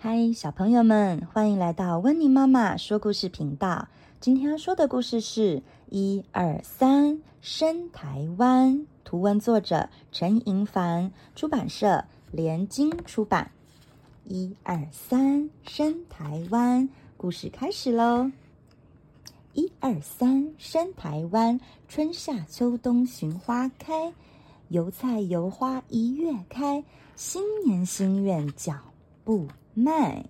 嗨，小朋友們，歡迎來到溫妮媽媽說故事頻道。今天要說的故事是《一二三，生台灣》，圖文作者陳盈帆，出版社聯經出版。一二三，生台灣，故事開始嘍！一二三，生台灣，春夏秋冬尋花開，油菜油花一月開，新年新願腳步邁，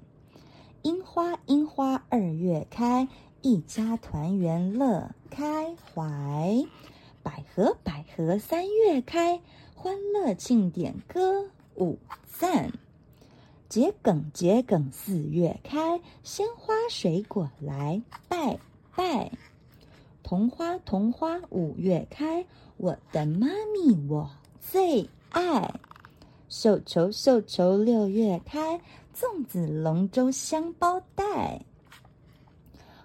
櫻花，櫻花二月開，一家團圓樂開懷；百合，百合三月開，歡樂慶典歌舞讚；桔梗，桔梗四月開，鮮花水果來拜拜；桐花，桐花五月開，我的媽咪我最愛。繡球繡球六月開，粽子龍舟香包載，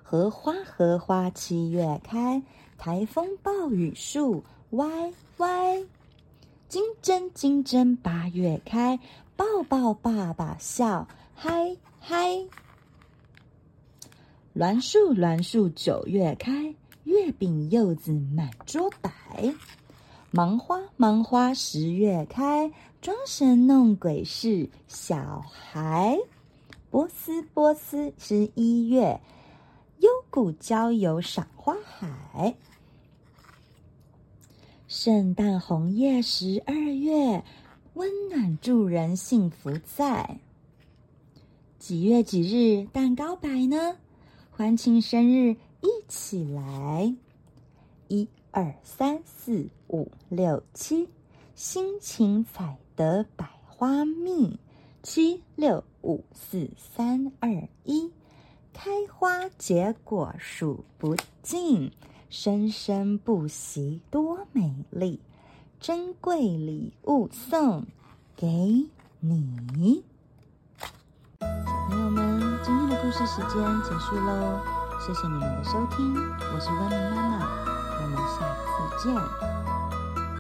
荷花荷花七月開，颱風暴雨樹歪歪。金針金針八月開，抱抱爸爸笑嗨嗨。欒樹欒樹九月開，月餅柚子滿桌擺。芒花芒花十月開。裝神弄鬼是小孩，波斯波斯十一月，幽谷郊遊賞花海，聖誕紅葉十二月，溫暖助人幸福在。幾月幾日蛋糕擺呢？歡慶生日一起來，一二三四五六七。辛勤採得百花蜜，七六五四三二一，開花結果數不盡，生生不息多美麗，珍貴禮物送給你。小朋友們，今天的故事時間結束嘍，謝謝你們的收聽，我是溫妮媽媽，我們下次見。